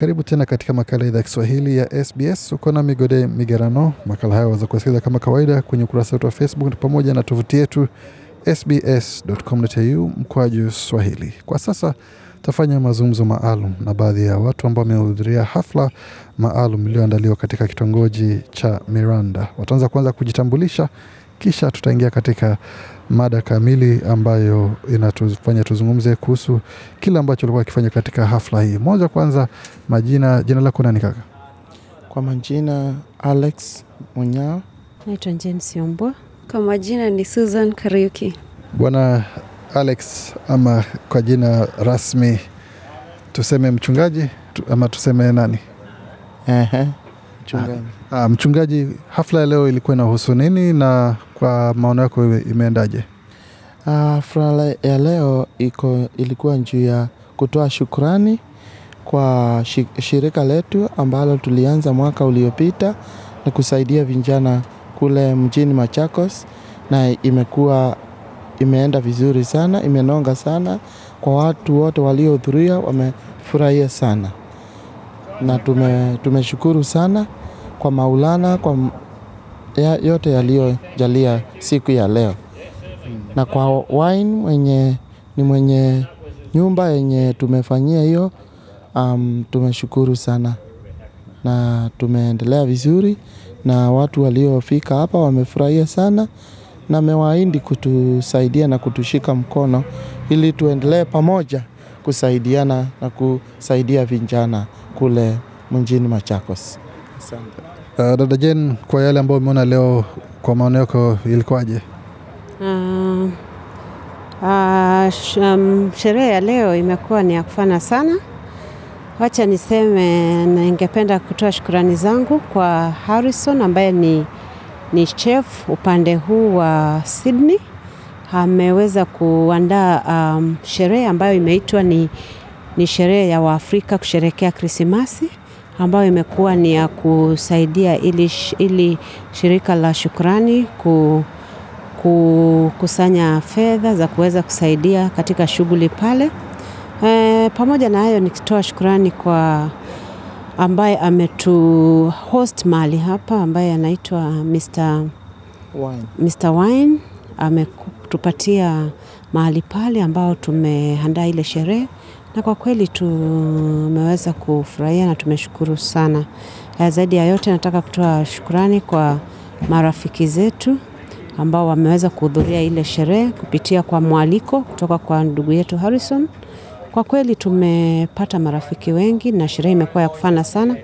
Karibu tena katika makala idhaa ya Kiswahili ya SBS. Uko na Migode Migerano. Makala haya waweza kuwasikiliza kama kawaida kwenye ukurasa wetu wa Facebook pamoja na tovuti yetu sbs.com.au mkoaju Swahili. Kwa sasa tafanya mazungumzo maalum na baadhi ya watu ambao wamehudhuria hafla maalum iliyoandaliwa katika kitongoji cha Miranda. Wataanza kwanza kujitambulisha kisha tutaingia katika mada kamili ambayo inatufanya tuzungumze kuhusu kile ambacho ulikuwa akifanya katika hafla hii. Moja kwanza, majina, jina lako nani kaka? Kwa majina Alex Munyao. Naitwa James Yombwa. Kwa majina ni Susan Kariuki. Bwana Alex, ama kwa jina rasmi tuseme mchungaji ama tuseme nani? Ehe, mchungaji. Ah, mchungaji, hafla ya leo ilikuwa inahusu nini na kwa maono yako wewe imeendaje? Ah, hafla ya leo iko, ilikuwa juu ya kutoa shukrani kwa shirika letu ambalo tulianza mwaka uliopita na kusaidia vijana kule mjini Machakos, na imekuwa imeenda vizuri sana, imenonga sana kwa watu wote waliohudhuria, wamefurahia sana na tume, tumeshukuru sana kwa Maulana kwa ya yote yaliyojalia siku ya leo na kwa Wine mwenye ni mwenye nyumba yenye tumefanyia hiyo. Um, tumeshukuru sana na tumeendelea vizuri na watu waliofika hapa wamefurahia sana na amewaahidi kutusaidia na kutushika mkono ili tuendelee pamoja kusaidiana na kusaidia vijana kule mjini Machakos. Asante. Uh, dada Jen, kwa yale ambayo umeona leo, kwa maono yako ilikuwaje? Uh, uh, sh, um, sherehe ya leo imekuwa ni ya kufana sana. Wacha niseme, ningependa kutoa shukurani zangu kwa Harrison ambaye ni, ni chef upande huu wa Sydney. Ameweza kuandaa um, sherehe ambayo imeitwa ni, ni sherehe ya Waafrika kusherekea Krismasi ambayo imekuwa ni ya kusaidia ili, ili shirika la Shukrani kukusanya fedha za kuweza kusaidia katika shughuli pale. E, pamoja na hayo nikitoa shukrani kwa ambaye ametu host mahali hapa ambaye anaitwa Mr. Wine. Mr. Wine kutupatia mahali pale ambao tumeandaa ile sherehe na kwa kweli tumeweza kufurahia na tumeshukuru sana. Zaidi ya yote nataka kutoa shukurani kwa marafiki zetu ambao wameweza kuhudhuria ile sherehe kupitia kwa mwaliko kutoka kwa ndugu yetu Harrison. Kwa kweli tumepata marafiki wengi na sherehe imekuwa ya kufana sana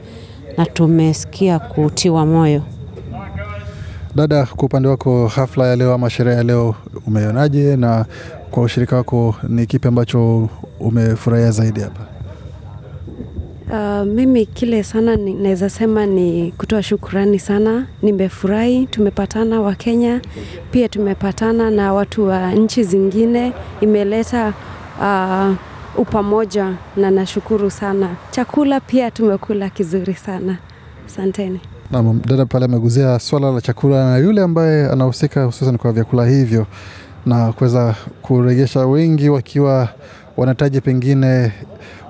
na tumesikia kutiwa moyo. Dada, kwa upande wako hafla ya leo ama sherehe ya leo umeonaje, na kwa ushirika wako ni kipi ambacho umefurahia zaidi hapa? Uh, mimi kile sana naweza sema ni kutoa shukurani sana. Nimefurahi, tumepatana wa Kenya, pia tumepatana na watu wa nchi zingine, imeleta uh, upamoja na nashukuru sana. Chakula pia tumekula kizuri sana, asanteni. Naam, dada pale ameguzia swala la chakula na yule ambaye anahusika hususan kwa vyakula hivyo na kuweza kurejesha wengi wakiwa wanahitaji pengine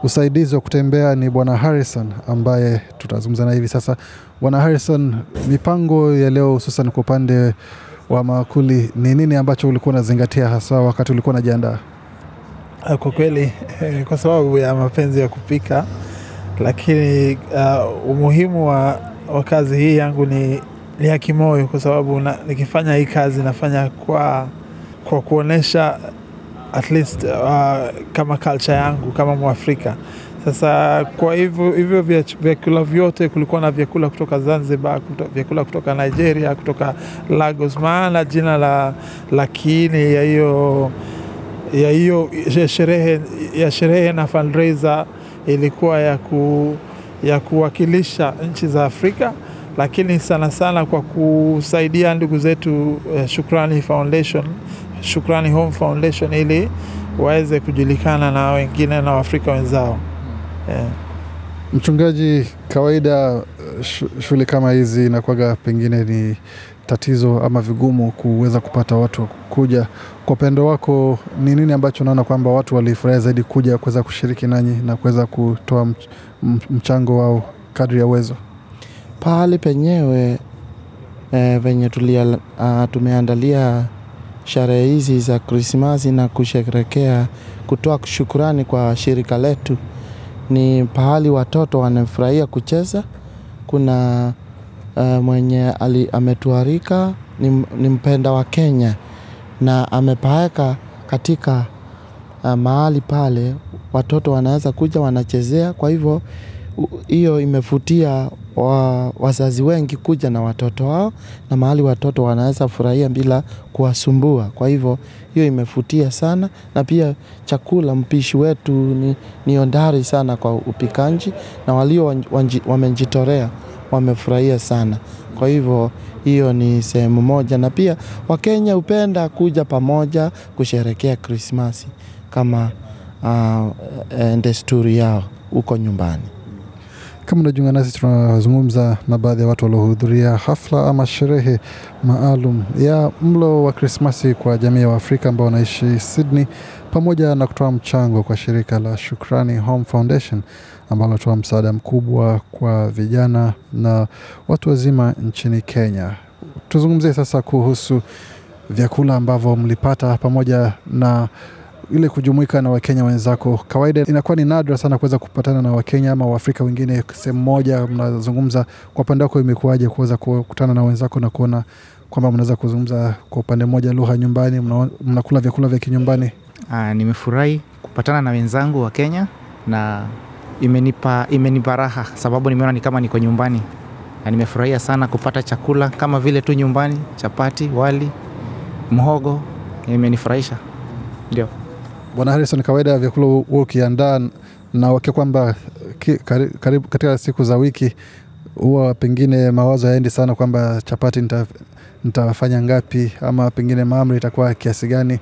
usaidizi wa kutembea ni Bwana Harrison ambaye tutazungumza na hivi sasa. Bwana Harrison, mipango ya leo hususan kwa upande wa maakuli, ni nini ambacho ulikuwa unazingatia hasa wakati ulikuwa unajiandaa? Ah, kwa kweli, kwa sababu ya mapenzi ya kupika, lakini uh, umuhimu wa wa kazi hii yangu ni, ni ya kimoyo, kwa sababu na, nikifanya hii kazi nafanya kwa, kwa kuonesha at least uh, kama culture yangu kama Mwafrika. Sasa kwa hivyo hivyo vyakula vyote, kulikuwa na vyakula kutoka Zanzibar, kuto, vyakula kutoka Nigeria, kutoka Lagos, maana jina la, la kiini ya hiyo ya hiyo sherehe ya sherehe na fundraiser ilikuwa ya ku ya kuwakilisha nchi za Afrika, lakini sana sana kwa kusaidia ndugu zetu eh, Shukrani Foundation, Shukrani Home Foundation ili waweze kujulikana na wengine na Waafrika wenzao yeah. Mchungaji, kawaida shule kama hizi inakuwaga pengine ni tatizo ama vigumu kuweza kupata watu kuja kwa upendo wako, ni nini ambacho unaona kwamba watu walifurahi zaidi kuja kuweza kushiriki nanyi na kuweza kutoa mchango wao kadri ya uwezo? Pahali penyewe e, venye tulia, a, ah, tumeandalia sherehe hizi za Krismasi na kusherekea kutoa shukurani kwa shirika letu, ni pahali watoto wanafurahia kucheza. Kuna Eh, mwenye ametuarika ni mpenda wa Kenya na amepaeka katika eh, mahali pale watoto wanaweza kuja wanachezea kwa hivyo imefutia imevutia wazazi wengi kuja na watoto wao na mahali watoto wanaweza furahia bila kuwasumbua kwa hivyo hiyo imefutia sana na pia chakula mpishi wetu ni hodari sana kwa upikanji na walio wamejitorea wamefurahia sana. Kwa hivyo hiyo ni sehemu moja, na pia Wakenya hupenda kuja pamoja kusherekea Krismasi kama uh, desturi yao huko nyumbani. Kama unajiunga nasi, tunazungumza na baadhi ya watu waliohudhuria hafla ama sherehe maalum ya mlo wa Krismasi kwa jamii ya Waafrika ambao wanaishi Sydney, pamoja na kutoa mchango kwa shirika la Shukrani Home Foundation ambalo linatoa msaada mkubwa kwa vijana na watu wazima nchini Kenya. Tuzungumzie sasa kuhusu vyakula ambavyo mlipata pamoja na ile kujumuika na Wakenya wenzako. Kawaida inakuwa ni nadra sana kuweza kupatana na Wakenya ama Waafrika wengine sehemu moja mnazungumza. Kwa upande wako imekuwaje kuweza kukutana na wenzako na kuona kwamba mnaweza kuzungumza kwa upande mmoja lugha nyumbani, mnakula vyakula vya kinyumbani? Nimefurahi kupatana na wenzangu wa Kenya na imenipa, imenipa raha sababu nimeona ni kama niko nyumbani na nimefurahia sana kupata chakula kama vile tu nyumbani, chapati, wali, mhogo imenifurahisha. Ndio Bwana Harrison, kawaida vyakula huwa ukiandaa na wakia kwamba karibu katika siku za wiki huwa pengine mawazo yaendi sana kwamba chapati nitafanya ngapi, ama pengine maamri itakuwa kiasi gani?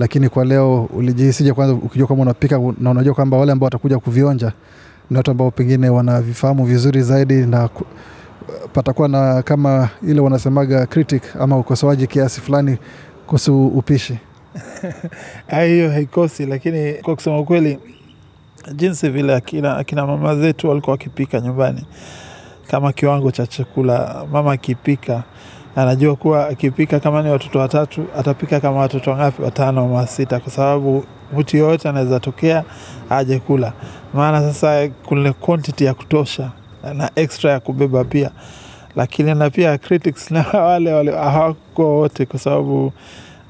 lakini kwa leo ulijihisije kwanza ukijua kwamba unapika na unajua kwamba wale ambao watakuja kuvionja ni watu ambao pengine wanavifahamu vizuri zaidi na patakuwa na kama ile wanasemaga critic ama ukosoaji kiasi fulani kuhusu upishi? Hiyo haikosi, lakini kwa kusema ukweli, jinsi vile akina, akina mama zetu walikuwa wakipika nyumbani, kama kiwango cha chakula mama akipika anajua kuwa akipika kama ni watoto watatu atapika kama watoto ngapi, watano ama sita, kwa sababu mtu yoyote anaweza tokea aje kula. Maana sasa kuna quantity ya kutosha na extra ya kubeba pia, lakini na pia critics na wale wale hawako wote, kwa sababu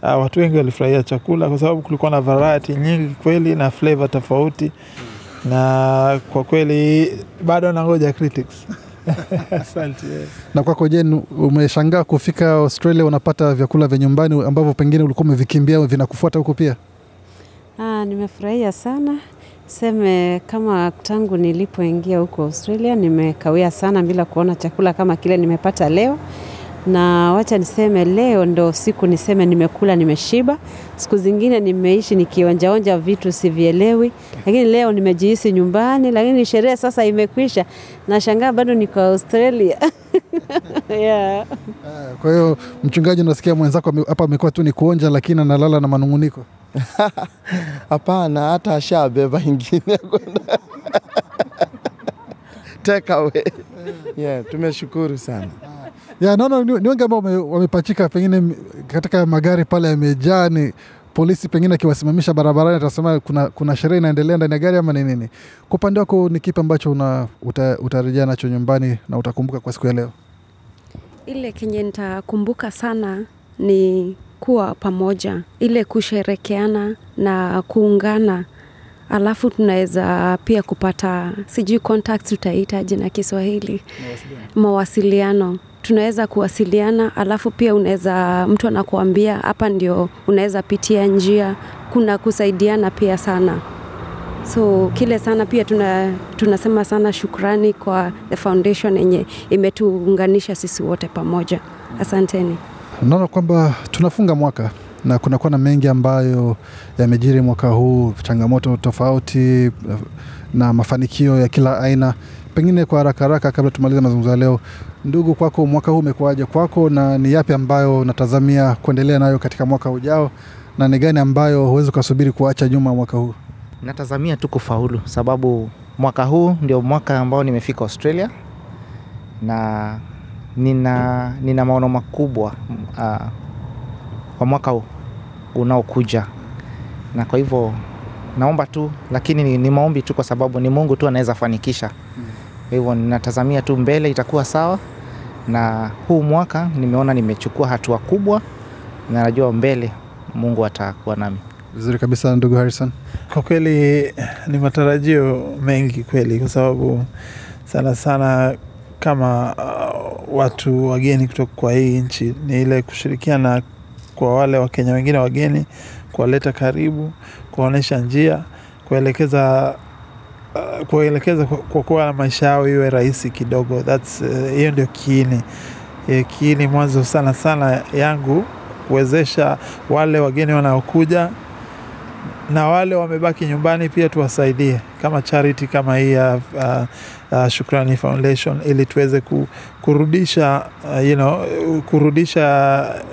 Uh, watu wengi walifurahia chakula kwa sababu kulikuwa na variety nyingi kweli na flavor tofauti, na kwa kweli bado nangoja critics. Asante. Na kwako je, umeshangaa kufika Australia unapata vyakula vya nyumbani ambavyo pengine ulikuwa umevikimbia vinakufuata huko pia? Ah, nimefurahia sana seme, kama tangu nilipoingia huko Australia nimekawia sana bila kuona chakula kama kile nimepata leo na wacha niseme leo ndo siku niseme nimekula nimeshiba. Siku zingine nimeishi nikionjaonja vitu sivielewi, lakini leo nimejihisi nyumbani. Lakini sherehe sasa imekwisha, nashangaa bado niko Australia. yeah. Eh, kwa hiyo mchungaji, unasikia mwenzako hapa amekuwa tu ni kuonja, lakini analala na manunguniko hapana, hata ashabeba ingine take away. Yeah, tumeshukuru sana yeah, naona ni wengi ambao wamepachika, pengine katika magari pale yamejaa ni polisi pengine akiwasimamisha barabarani atasema kuna, kuna sherehe inaendelea ndani ya gari ama ni nini? Kwa upande wako ni kipi ambacho utarejea nacho nyumbani na utakumbuka kwa siku ya leo? Ile kenye nitakumbuka sana ni kuwa pamoja, ile kusherekeana na kuungana, alafu tunaweza pia kupata sijui contacts tutaitaje na Kiswahili, mawasiliano, mawasiliano tunaweza kuwasiliana, alafu pia unaweza mtu anakuambia hapa ndio unaweza pitia njia, kuna kusaidiana pia sana. So kile sana pia tuna, tunasema sana shukrani kwa the foundation yenye imetuunganisha sisi wote pamoja. Asanteni. Naona kwamba tunafunga mwaka na kunakuwa na mengi ambayo yamejiri mwaka huu, changamoto tofauti eh, na mafanikio ya kila aina. Pengine kwa haraka haraka, kabla tumaliza mazungumzo ya leo, Ndugu, kwako mwaka huu umekuwaje kwako, na ni yapi ambayo unatazamia kuendelea nayo katika mwaka ujao, na ni gani ambayo huwezi ukasubiri kuacha nyuma mwaka huu? Natazamia tu kufaulu, sababu mwaka huu ndio mwaka ambao nimefika Australia na nina, nina maono makubwa uh, kwa mwaka unaokuja, na kwa hivyo naomba tu, lakini ni, ni maombi tu, kwa sababu ni Mungu tu anaweza fanikisha. Hmm. Kwa hivyo natazamia tu mbele itakuwa sawa, na huu mwaka nimeona nimechukua hatua kubwa, na najua mbele Mungu atakuwa nami vizuri kabisa. Ndugu Harrison, kwa kweli ni matarajio mengi kweli, kwa sababu sana sana kama uh, watu wageni kutoka kwa hii nchi ni ile kushirikiana kwa wale Wakenya wengine wageni, kuwaleta karibu, kuwaonyesha njia, kuelekeza Uh, kuelekeza kwa kuwa maisha yao iwe rahisi kidogo. That's uh, hiyo uh, ndio kiini e, kiini mwanzo sana sana yangu kuwezesha wale wageni wanaokuja na wale wamebaki nyumbani pia tuwasaidie kama charity kama hii ya uh, uh, Shukrani Foundation ili tuweze ku, kurudisha uh, you know, kurudisha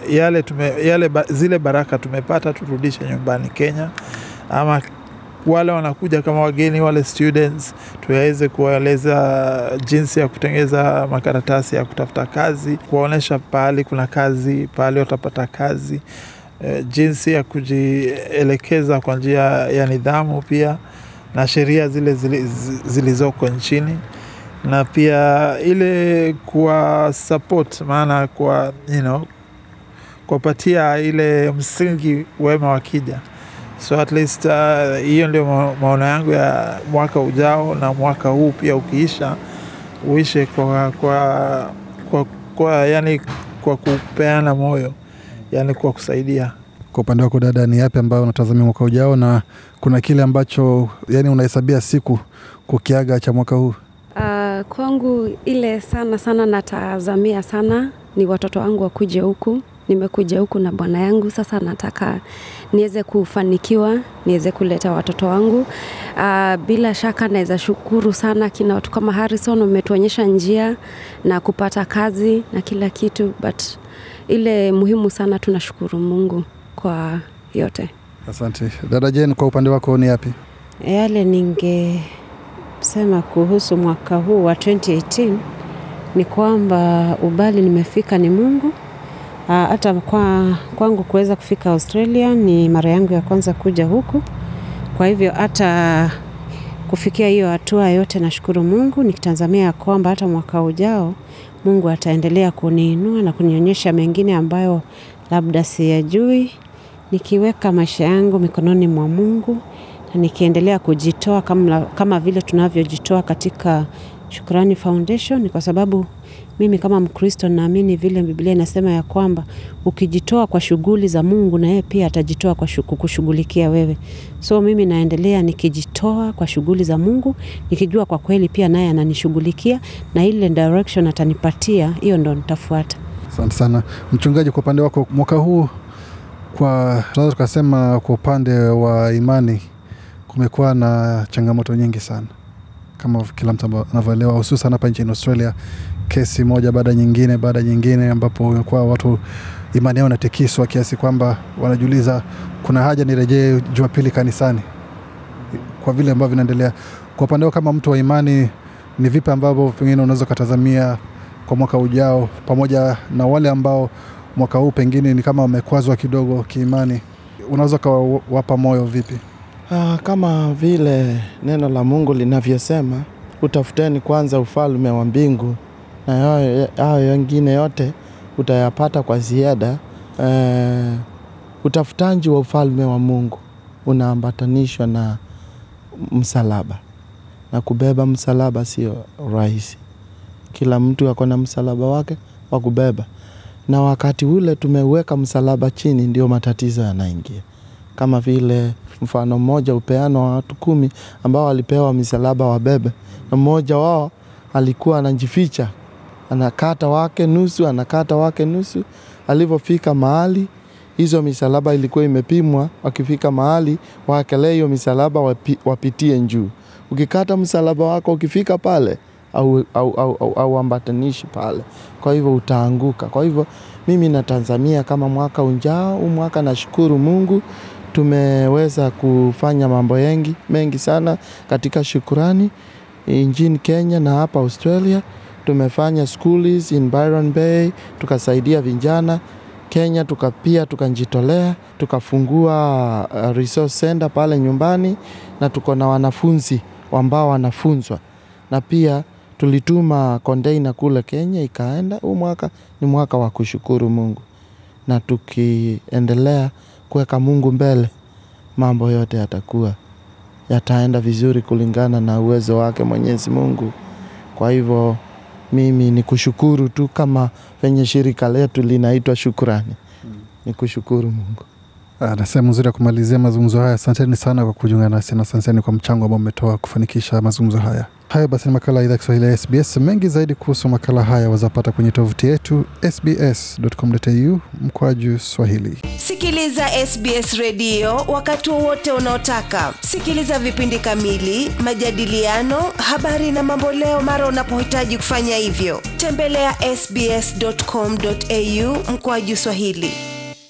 yale, tume, yale ba, zile baraka tumepata turudishe nyumbani Kenya ama wale wanakuja kama wageni wale students, tuweze kuwaeleza jinsi ya kutengeza makaratasi ya kutafuta kazi, kuwaonyesha pahali kuna kazi, pahali watapata kazi, e, jinsi ya kujielekeza kwa njia ya nidhamu pia na sheria zile zilizoko nchini na pia ile kuwa support maana kwa you know, kuwapatia ile msingi wema wakija So at least uh, hiyo uh, ndio maono yangu ya mwaka ujao, na mwaka huu pia ukiisha uishe kwa, kwa, kwa, kwa, yani kwa kupeana moyo, yani kwa kusaidia. Kwa upande wako dada, ni yapi ambayo unatazamia mwaka ujao, na kuna kile ambacho yani unahesabia siku kukiaga cha mwaka huu? Uh, kwangu ile sana sana natazamia sana ni watoto wangu wakuje huku nimekuja huku na bwana yangu, sasa nataka niweze kufanikiwa, niweze kuleta watoto wangu. Uh, bila shaka naweza shukuru sana kina watu kama Harrison, umetuonyesha njia na kupata kazi na kila kitu, but ile muhimu sana, tunashukuru Mungu kwa yote. Asante dada Jane, kwa upande wako ni yapi yale ningesema kuhusu mwaka huu wa 2018? Ni kwamba ubali nimefika ni Mungu Ah, hata kwa kwangu kuweza kufika Australia ni mara yangu ya kwanza kuja huku. Kwa hivyo hata kufikia hiyo hatua yote nashukuru Mungu nikitazamia ya kwamba hata mwaka ujao Mungu ataendelea kuniinua na kunionyesha mengine ambayo labda siyajui. Nikiweka maisha yangu mikononi mwa Mungu na nikiendelea kujitoa kama vile tunavyojitoa katika Shukrani Foundation kwa sababu mimi kama mkristo naamini vile Biblia inasema ya kwamba ukijitoa kwa shughuli za Mungu na yeye pia atajitoa kwa kukushughulikia wewe. So mimi naendelea nikijitoa kwa shughuli za Mungu, nikijua kwa kweli pia naye ananishughulikia na ile direction atanipatia, hiyo ndo nitafuata. Asante sana mchungaji, kwa upande wako mwaka huu, kwa tunaweza tukasema kwa upande wa imani kumekuwa na changamoto nyingi sana kama kila mtu anavyoelewa, hususan hapa nchini Australia, kesi moja baada nyingine baada nyingine, ambapo imekuwa watu imani yao inatikiswa kiasi kwamba wanajiuliza kuna haja nirejee Jumapili kanisani kwa vile ambavyo vinaendelea. Kwa upande wao kama mtu wa imani, ni vipi ambavyo pengine unaweza ukatazamia kwa mwaka ujao, pamoja na wale ambao mwaka huu pengine ni kama wamekwazwa kidogo kiimani, unaweza ukawapa moyo vipi? Ah, kama vile neno la mungu linavyosema, utafuteni kwanza ufalme wa mbingu na hayo yengine yote utayapata kwa ziada. Eh, utafutanji wa ufalme wa mungu unaambatanishwa na msalaba na kubeba msalaba sio rahisi. Kila mtu ako na msalaba wake wa kubeba na wakati ule tumeweka msalaba chini ndio matatizo yanaingia. Kama vile mfano mmoja upeano wa watu kumi ambao walipewa misalaba wabebe, na mmoja wao alikuwa anajificha, anakata wake nusu, anakata wake nusu. Alivyofika mahali hizo misalaba ilikuwa imepimwa, wakifika mahali waakelee hiyo misalaba wapi, wapitie njuu. Ukikata msalaba wako ukifika pale auambatanishi au, au, au, au pale, kwa hivyo utaanguka. Kwa hivyo mimi natazamia kama mwaka unjao, mwaka nashukuru Mungu tumeweza kufanya mambo yengi, mengi sana katika shukurani nchini Kenya na hapa Australia. Tumefanya schools in Byron Bay, tukasaidia vijana Kenya, tukapia tukajitolea, tukafungua uh, resource center pale nyumbani, na tuko na wanafunzi ambao wanafunzwa, na pia tulituma container kule Kenya ikaenda. Huu mwaka ni mwaka wa kushukuru Mungu na tukiendelea kuweka Mungu mbele, mambo yote yatakuwa yataenda vizuri kulingana na uwezo wake Mwenyezi Mungu. Kwa hivyo mimi ni kushukuru tu, kama venye shirika letu linaitwa Shukrani, ni kushukuru Mungu. Ah, na sehemu nzuri ya kumalizia mazungumzo haya. Asanteni sana kwa kujiunga nasi na asanteni kwa mchango ambao umetoa kufanikisha mazungumzo haya. Haya basi, ni makala ya idhaa Kiswahili ya SBS. Mengi zaidi kuhusu makala haya wazapata kwenye tovuti yetu sbs.com.au mkwaju swahili. Sikiliza SBS redio wakati wowote unaotaka. Sikiliza vipindi kamili, majadiliano, habari na mamboleo mara unapohitaji kufanya hivyo. Tembelea sbs.com.au mkwaju swahili.